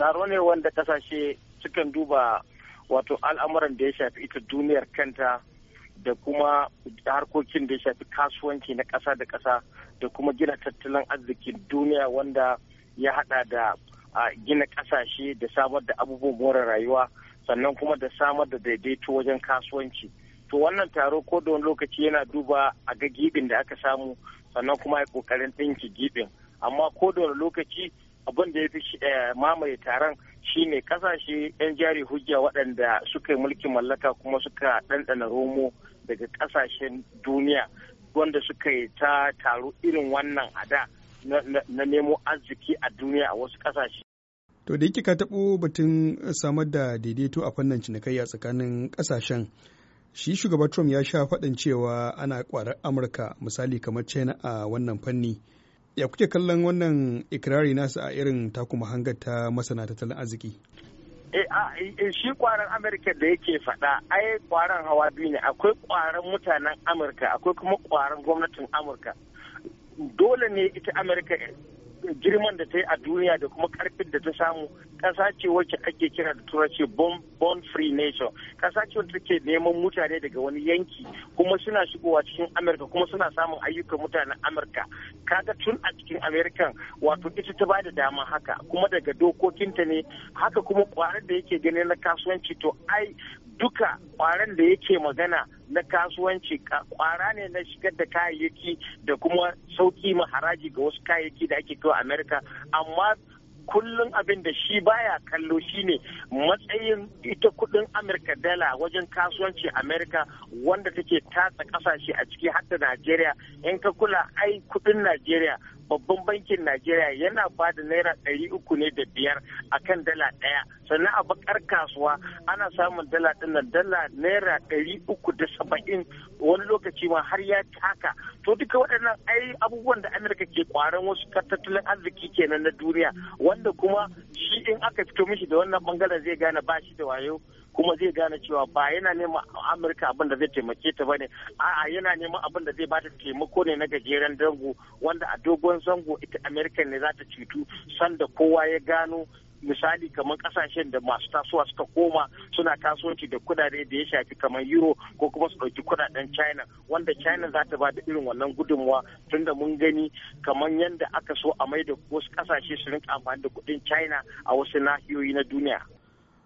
taro ne wanda kasashe sukan duba wato al'amuran da ya shafi ita duniyar kanta da kuma harkokin da ya shafi kasuwanci na ƙasa da kasa da kuma gina tattalin arzikin duniya wanda ya hada da gina ƙasashe da samar da abubuwan more rayuwa sannan kuma da samar da daidaito wajen kasuwanci to wannan taro ko da wani lokaci yana duba a ga gibin da aka samu sannan kuma ya kokarin ɗinki gibin amma ko da wani lokaci abin da ya fi eh, mamaye taron shine kasashe 'yan jari hujja waɗanda suka yi mulkin mallaka kuma suka ɗanɗana romo daga kasashen duniya wanda suka yi ta taro irin wannan a da na nemo arziki a duniya a wasu kasashe. To da yake ka taɓo batun samar da daidaito a fannin cinikayya tsakanin ƙasashen. Shi shugaba Trump ya sha faɗin cewa ana ƙwarar Amurka misali kamar China a wannan fanni. ya kuke kallon wannan ikirari nasa a irin takuma hangar ta masana tattalin arziki eh, eh, shi kwaran amurka da yake faɗa ai kwaran hawa biyu ne akwai kwaran mutanen amurka akwai kuma kwaran gwamnatin amurka dole ne ita amurka girman da ta yi a duniya da kuma karfin da ta samu ƙasa ce wacce ake kira da turanci born free nation ƙasa ce wacce take neman mutane daga wani yanki kuma suna shigowa cikin amurka kuma suna samun ayyukan mutanen amurka kaga tun a cikin amurka wato ita ta bada dama haka kuma daga dokokinta ne haka kuma kwarar da yake gani na kasuwanci to ai duka kwaran da yake magana na kasuwanci kwara ne na shigar da kayayyaki da kuma sauki ma haraji ga wasu kayayyaki da ake kawo amerika amma kullum abin da shi baya kallo shine matsayin ita kudin amurka dala wajen kasuwanci Amerika. wanda take tatsa kasashe a ciki hatta najeriya in ka kula ai kudin najeriya babban bankin najeriya yana ba da naira ɗari uku ne da biyar a kan dala ɗaya sannan a bakar kasuwa ana samun dala nan dala naira ɗari uku da saba'in wani lokaci ma har ya taka to duka waɗannan ai abubuwan da amurka ke kwaran wasu tattalin arziki kenan na duniya wanda kuma shi in aka fito mishi da wannan bangaren zai gane ba shi da wayo kuma zai gane cewa ba yana neman amurka abin da zai taimake ta bane a'a yana neman abin da zai bata taimako ne na gajeren dangu wanda a dogon zango ita amerika ne za ta ceto sanda kowa ya gano misali kamar kasashen da masu tasowa suka koma suna kasuwanci da kudade da ya shafi kamar euro ko kuma su ɗauki kudaden china wanda china za ta ba da irin wannan gudunmuwa tunda mun gani kamar yadda aka so a mai da wasu kasashe su rinka amfani da kudin china a wasu nahiyoyi na duniya